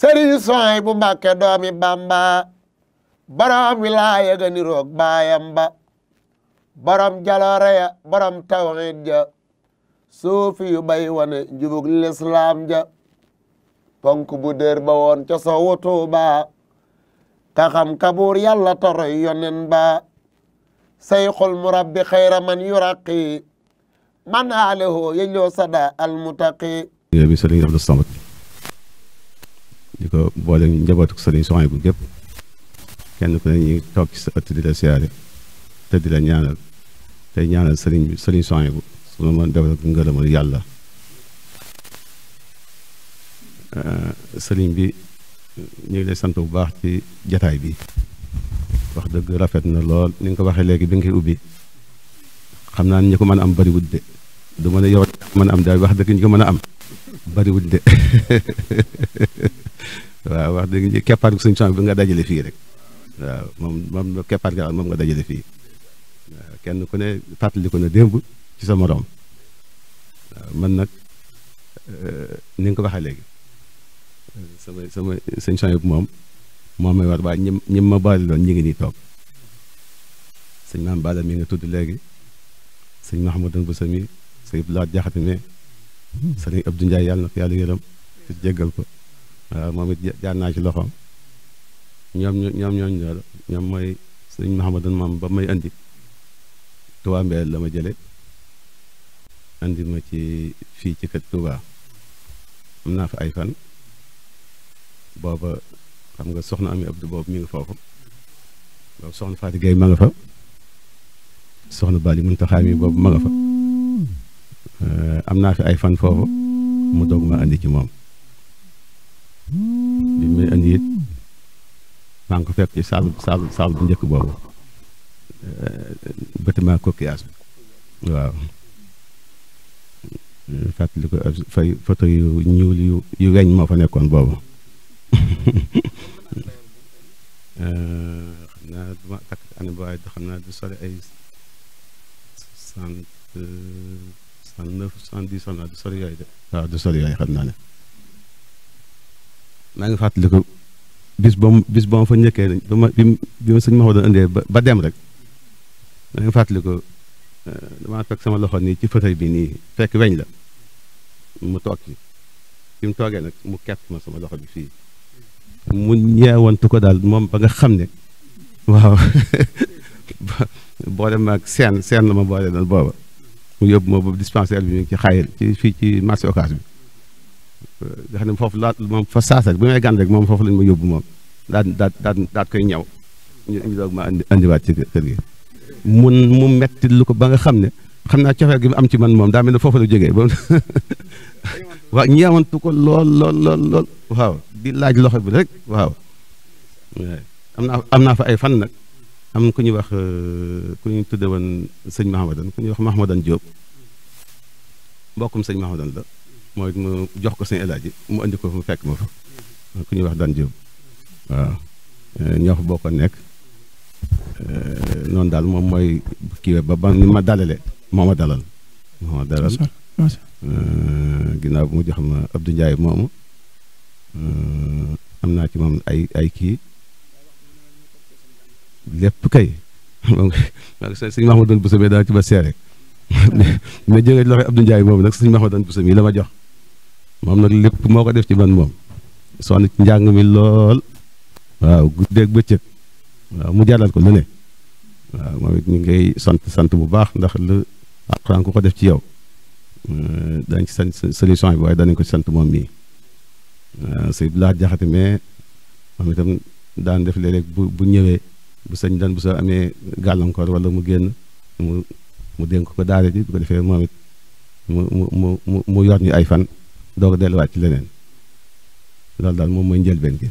sëriñ soy bu mbàkke doomi bamba borom wilaaya ga ni roog baayam ba borom jaloore ya borom tawxiid ja suufi yu bay wane njubug lislaam ja ponk bu dër ba woon ca sowu Tuuba ka xam kabuur yàlla toroy yonen ba sayxul murabbi xayra man yuraqi man aalehu yejloo sada almutaqi di ko boole njabootu sëriñ soxna bu gépp kenn ku ne ñu toog ci sa ëtt di siyaare te di la ñaanal tey ñaanal sëriñ bi sëriñ soxna bu su ma mën defal ngërëmal yàlla sëriñ bi ñu ngi lay sant bu baax ci jataay bi wax dëgg rafet na lool ni nga ko waxee léegi bi nga koy ubbi xam naa ni ñu ko mën a am bariwul de du mën a yow mën a am daal wax dëgg ñu ko mën a am bariwul de waaw wax dëgg keppaar gi sëñ Sam bi nga dajale fii rek waaw moom moom keppaar gi moom nga dajale fii kenn ku ne fàttali ko ne ci sa moroom waaw man nag euh, ni nga ko waxee léegi sama sama sëñ Sam bi moom moom may war waaye ñi ma baali loon ñi ngi nii toog sëñ maam Balla mi nga tudd léegi sëñ Mouhamadou Boussa mi sëñ Abdoulaye Diakhaté mi sëñ Abdou Ndiaye yàlla na ko yàlla yërëm jéggal ko waaw moom it jaar naa ci loxoom ñoom ñoom ñoom mooy sëñ Mouhamadou moom ba may andi Touba Mbéyel la ma jële andi ma ci fii ci kër Touba am naa fi ay fan booba xam nga soxna Ami Abdou boobu mi ngi foofu boobu soxna Fatou Gueye ma nga fa soxna Bali Muntaxa mi boobu ma nga fa am naa fi ay fan foofu mu doog ma andi ci moom bi muy indi it saal saal saal bu njëkk boobu bâtiment coquillage bi waaw ko fay photo yu ñuul yu yu weñ moo fa nekkoon boobu xam naa du ma takk année bu xam naa du sore ay soixante soixante neuf soixante dix xam naa de waaw du sore xam naa ne maa ngi fàttaliku bis ba mu bis ba mu fa njëkkee ba ma bi ma sëñ Maodo indee ba dem rek maa ngi fàttaliku eh, damaa fekk sama loxo nii ci fauteuil bi nii fekk weñ la mu toog ci mu toogee nag mu kepp ma sama loxo bi fii mu ñeewantu ko daal moom ba nga xam ne waaw boole ma ak seen seen la ma boole daal booba mu yóbbu ma boobu dispensaire bi ñu ngi ci xaayal ci fii ci marché Ocass bi nga xam ne foofu laa moom fa saasa bi may gànn rek moom foofu lañ ma yóbbu moom daal daal daal daal koy ñaw ñu ñu doog ma andi andiwaat ci kër gi. mun mu metti lu ko ba nga xam ne xam naa cofeel gi mu am ci man moom daa mel ne foofu la jógee ba waaw ñeewantu ko lool lool lool waaw di laaj loxo bi rek waaw am naa fa ay fan nag am ku ñuy wax ku ñu tudde woon sëñ Mahamadan ku ñuy wax Mahamadan Diop mbokkum sëñ Mahamadan la mooy mu jox ko seen elaaji mu indi ko mu fekk ma fa ku ñuy wax daan jëw waaw eh, ñoo fa boo ko nekk eh, noonu daal moom mooy kiiwe ba ba ni ma dalale moo ma dalal moo ma dalal eh, ginnaaw bi mu jox ma Abdou Ndiaye moomu am naa ci moom ay ay kii lépp kay sëñ Mahmoudou Bousso bi daal ci ba seere mais jëlee loxo Abdou Ndiaye moomu nag sëñ Mahmoudou Bousso mi la ma jox moom nag lépp moo ko def ci man moom sonn ci njàng mi lool waaw guddeeg bëccëg waaw mu jàllal ko lu ne waaw moom it ngay sant sant bu baax ndax lu alxuraan ku ko def ci yow euh, dañ ci sant solution bi waaye danañ ko sant moom mii waaw sëñ bi laa jaxate mais moom itam daan def léeg-léeg bu bu ñëwee bu sëñ daan bu sa amee gàllankoor wala mu génn mu mu dénk ko daare ji bu ko defee moom it mu mu mu mu yor ñu ay fan doog delluwaat ci leneen loolu daal moom mooy njëlbeen gi